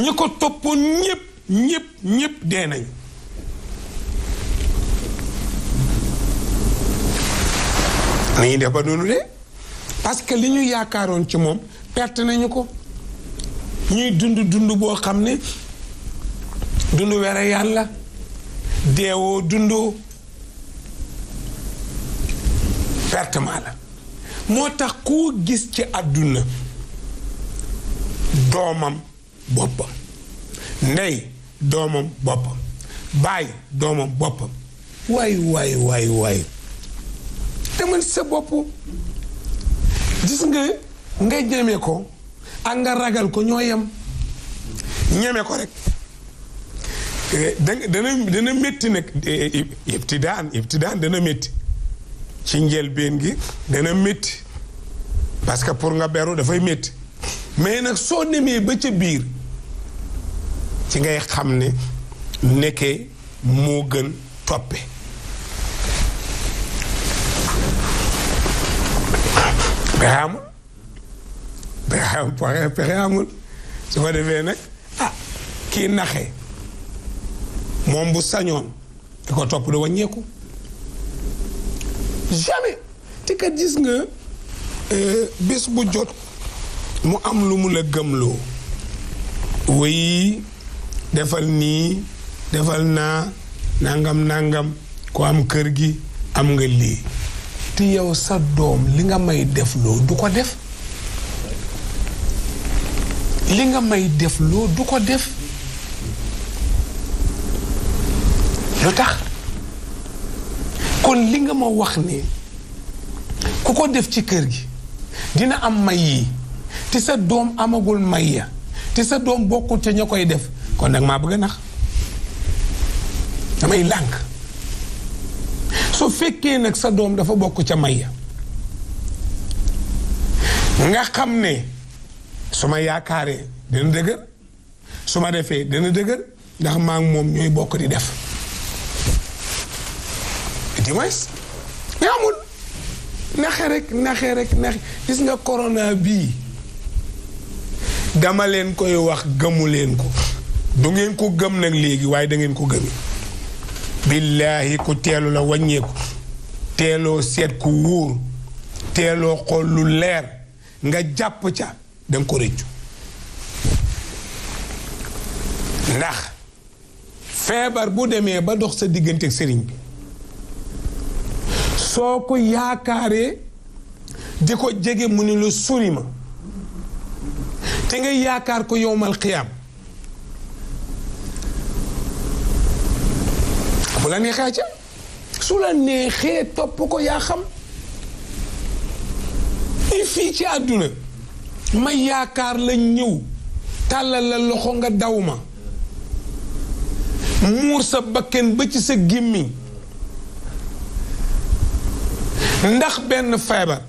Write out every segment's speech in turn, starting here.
ñu ko toppoon ñëpp ñëpp ñëpp dee nañ nañu def ba noonu de parce que li ñu yaakaaroon ci moom perte nañu ko ñuy dund dund boo xam ne dund were yàlla deewoo dundoo perte maa la moo tax ku gis ci àdduna doomam boppam ndey doomam boppam baay doomam boppam waay waay waay waay demal sa bopp gis nga nga ñeme ko ak nga ragal ko ñoo yam ñeme ko rek eh, dana dana métti nag eh, ibtidaan ibtidaan dana métti ci njëlbeen gi dana métti parce que pour nga beru dafay metti mais nag soo demee ba ca biir ci ngay xam ne nekkee moo gën toppe pexe amul pexe su ko defee nag ah kii naxe moom bu sañoon di ko topp du wàññeeku jamais te kat gis nga euh, bés bu jot mu am lu mu la gëmloo wéy defal nii defal naa nangam nangam ku am kër gi am nga lii te yow sa doom li nga may def loo du ko def li nga may def du ko def lu tax kon li nga ma wax ne ku ko def ci kër gi dina am may yi te sa doom amagul may ya te sa doom bokkul ca ña koy def kon nag maa bëgg a nax damay lànk su fekkee nag sa doom dafa bokk ca may ya nga xam ne suma ma yaakaaree dina dëgër su ma defee dina dëgër ndax maa moom ñooy bokk di def di moins naxe rek naxe rek naxe gis nga corona bii dama leen koy wax gëmu leen ko du ngeen ko gëm nag léegi waaye da ngeen ko gëm billaahi ku teelu na wàññeeku teeloo seet ku wóor teeloo xool lu leer nga jàpp ca danga ko rëccu ndax feebar bu demee ba dox sa diggante ak sëriñ bi soo ko yaakaaree di ko jege mu ne la sori ma te nga yaakaar ko yowmal xiyaam bu la neexee ca su la neexee topp ko yaa xam i fii ci àdduna ma yaakaar la ñëw tàllal la loxo nga dawma ma muur sa bakken ba ci sa gémmiñ ndax benn feebar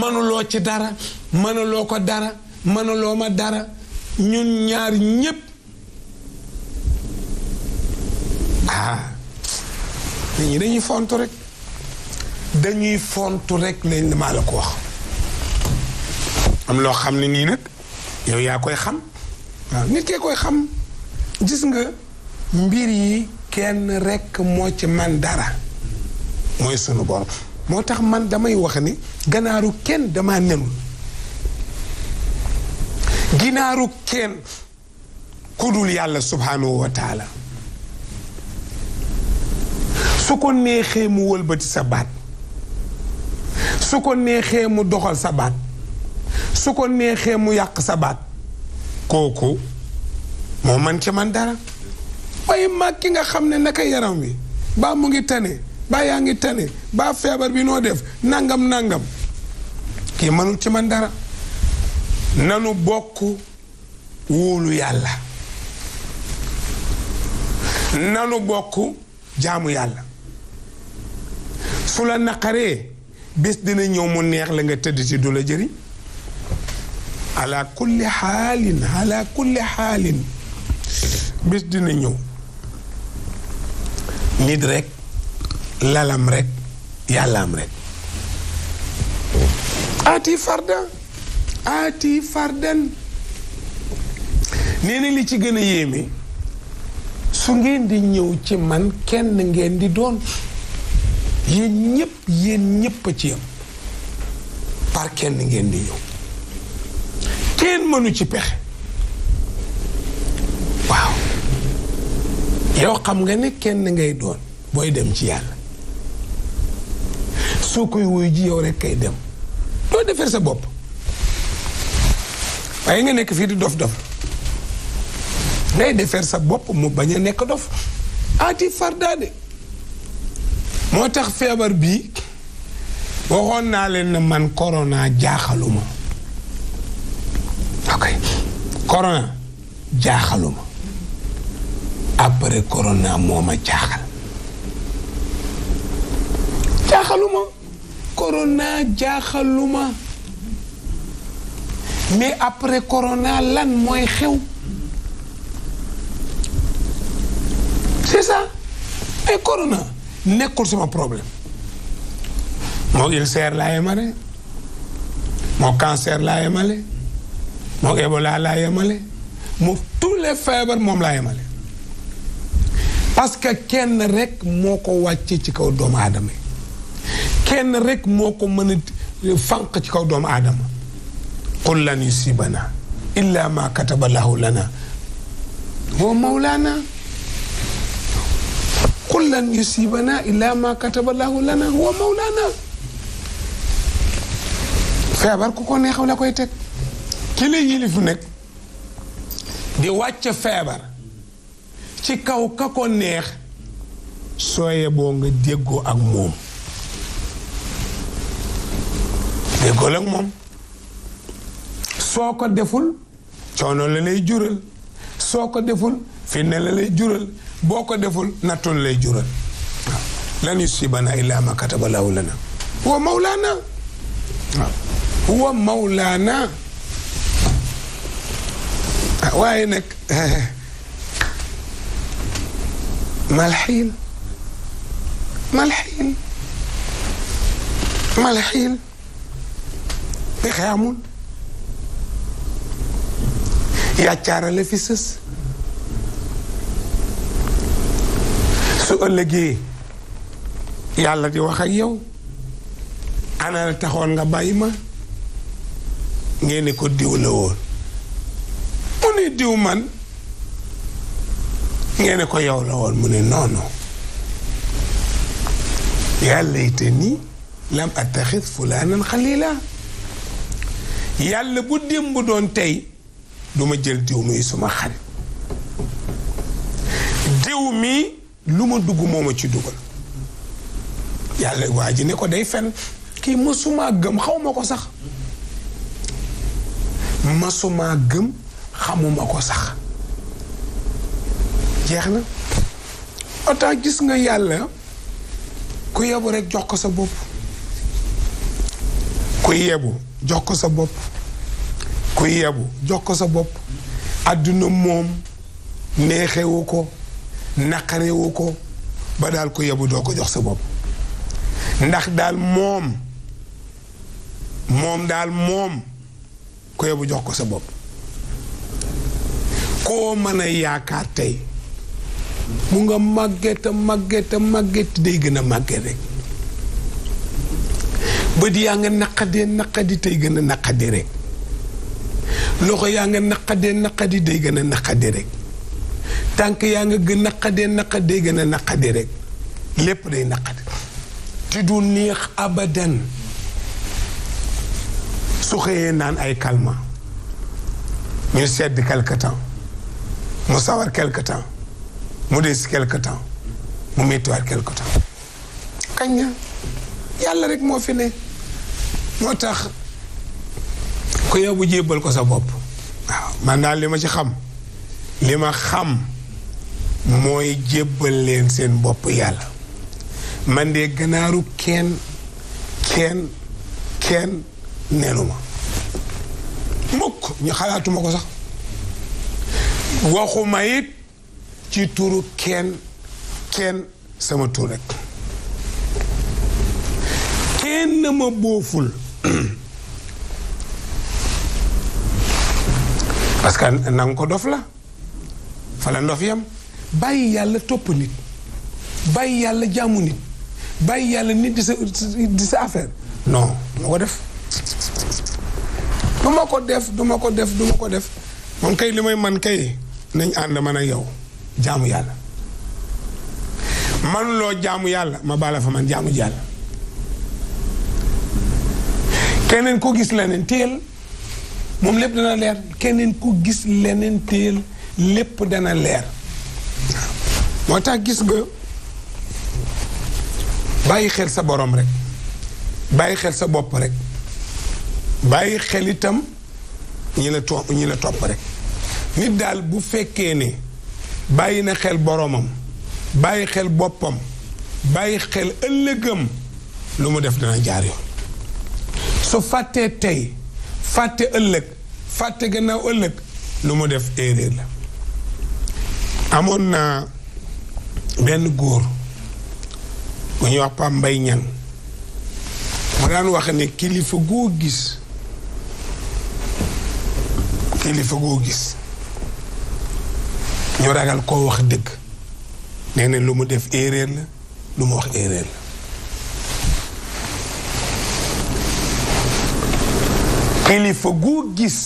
mënuloo ci dara mënuloo ko dara mënuloo ma dara ñun ñaar ñépp ah nit ñi dañuy fontu rek dañuy fontu rek lañ maa la ko wax am loo xam ne nii nag yow yaa koy xam waaw nit kee koy xam gis nga mbir yi kenn rek moo ci man dara mooy sunu borom moo tax man damay wax ni ganaaru kenn dama nenul ginaaru kenn ku dul yàlla subhanahu wa su ko neexee mu wolbati sa baat su ko neexee mu doxal sa baat su ko neexee mu yàq sa baat kooku moo man ci man dara waaye mag ki nga xam ne naka yaram wi baa mu ngi tane baa yaa ngi tane baa feebar bi noo def nangam nangam kii mënul ci man dara nanu bokk wóolu yàlla nanu bokk jaamu yàlla su la naqaree bés dina ñëw mu neex la nga tëdd ci du la jëriñ ala kulli xaalin bés dina ñëw nit rek lalam rek yàllaam rek aati farda aati fardan nee li ci gën a yéeme su ngeen di ñëw ci man kenn ngeen di doon yéen ñëpp yéen ñëpp a ci yam par kenn ngeen di ñëw kenn mënu ci pexe waaw yow xam nga ne kenn ngay doon booy dem ci yàlla soo koy wuyu ji yow rek kay dem doo defar sa bopp waaye nga nekk fii di dof-dof ngay defar sa bopp mu bañ a nekk dof aati fardaade moo tax feebar bi waxoon naa leen ne man corona jaaxaluma ok corona jaaxaluma après corona moo ma jaaxal jaaxaluma corona jaaxaluma mais après corona lan mooy xew c'est ça ay corona nekkul sama problème moo ulcère laa yemale moo cancer laa yemale moo Ebola laa yemale moo tous les feebar moom laa yemale parce que kenn rek moo ko wàccee ci kaw doomu aadama yi kenn rek moo ko mën a ci kaw doomu aadama qul lan yusibana illa ma kataba lahu lana wa mawlana qul lan yusibana illa ma kataba llahu lana huwa mawlana feebar ku ko neexaw la koy teg ki la yilifu nekk di wàcc feebar ci kaw ka ko neex sooye boo nga déggoo ak moom déggoo ak moom soo ko deful coono la lay jural soo ko deful fitna la lay jural boo ko deful nattoon lay jural waaw lan yusibana illa ma kataba lahu huwa mawlaana huwa mawlaana waaye nag malxiil malxiil malxiil pexe amul yàccaara la fi sës su ëllëgee yàlla di wax a yow ana la taxoon nga bàyyi ma ngeen ne ko diw la woon mu ne diw man ngeen ne ko yow la woon mu ne noonu yàlla ite nii lam attaxis fulaanan xalila yàlla bu démb doon tey duma jël diw muy suma xarit diw mi lu ma dugg mooma ci dugal yàlla waa ji ne ko day fen kii masumaa gëm xawma ko sax masumaa gëm xamuma ko sax jeex na ota gis nga yàlla ku yebu rekk jox ko sa bopp ku yebu jox ko sa bopp ku yebu jox ko sa bopp àdduna moom neexewu ko naqarewu ko ba daal ko yebu doo ko jox sa bopp ndax daal moom moom daal moom ko yebu jox ko sa bopp koo mën a yaakaar tey mu nga màggeta màggeta màgget day gën a màgget rek bët yaa nga naqadee naqadi tey gën a naqadi rek loxo yaa day gën a naqadi rek tànk yaa nga gën naqadee naqadee gën a naqade rek lépp day naqade te du neex abadan su xëyee naan ay calmant ñu sedd quelque temps mu sawar quelque mu des quelque temps mu méttiwaat quelque temps kañ yàlla rek moo fi ne moo tax ko yow bu jébbal ko sa bopp waaw man daal li ma xam li xam mooy jébbal leen seen bopp yàlla man de ganaaru kenn kenn kenn nenu ma mukk ñu xalaatuma ko sax waxuma it ci turu kenn kenn sama tur rek kenn ma booful parce nanga ko dof la fa la ndof yam bàyyi yàlla topp nit bàyyi yàlla jàmm nit bàyyi yàlla nit di sa di sa affaire non duma ko def duma ko def duma ko def duma ko def moom kay li may man kay nañ ànd man ak yow jaamu yàlla manuloo jàmm yàlla ma baala fa man jaamu ji yàlla keneen ko gis leneen téyel moom lépp dana leer keneen ko gis leneen téyel lépp dana leer moo tax gis nga bàyyi xel sa borom rek bàyyi xel sa bopp rek bàyyi xel itam ñi la topp ñi la topp rek nit daal bu fekkee ne bàyyi na xel boromam bàyyi xel boppam bàyyi xel ëllëgam lu mu def dana jaar yoon su fàttee tey fàtte ëllëg fàtte gannaaw ëllëg lu mu def erreur la amoon naa benn góor bu ñuy wax Pam ñan mu daan wax ne kilifa goo gis kilifa goo gis ñu ragal koo wax dëgg nee lu mu def erreur la lu mu wax erreur la kilifa goo gis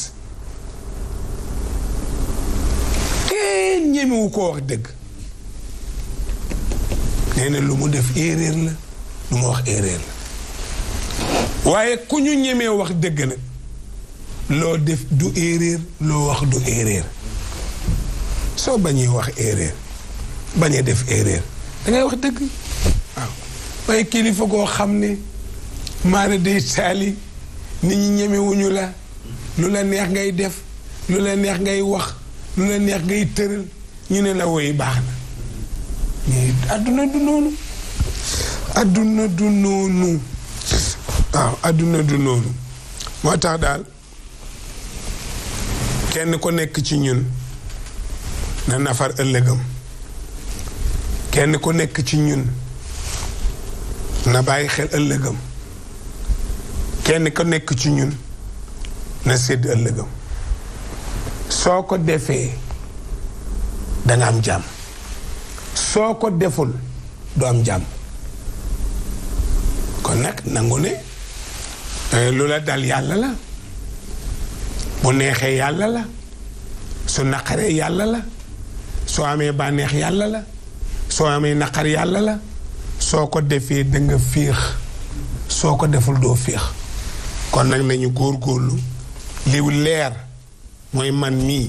kenn ñemewu koo wax dëgg nee na lu mu def erreur la lu wax erreur la waaye ku ñu ñemee wax dëgg nag loo def du erreur loo wax du erreur soo bañee wax erreur bañee def erreur dangay wax dëgg waaw waaye kilifa koo xam ne maara day taali nit ñi ñemewuñu la lu la neex ngay def lu la neex ngay wax lu la neex ngay tëral ñu ne la woy baax na mais àdduna du noonu àdduna du noonu waaw àdduna du noonu moo tax daal kenn ku nekk ci ñun na nafar ëllëgam kenn ku nekk ci ñun na bàyyi xel ëllëgam kenn ku nekk ci ñun na sédd soo ko defee danga am jàmm soo ko deful du am jàmm kon nag nangu ne eh, lu la dal yàlla la bu neexee yàlla la su naqaree yàlla la soo amee bànneex yàlla la soo amee naqar yàlla la soo ko defee danga féex soo ko deful doo féex kon nag nañu góor góorlu liw leer mooy man mii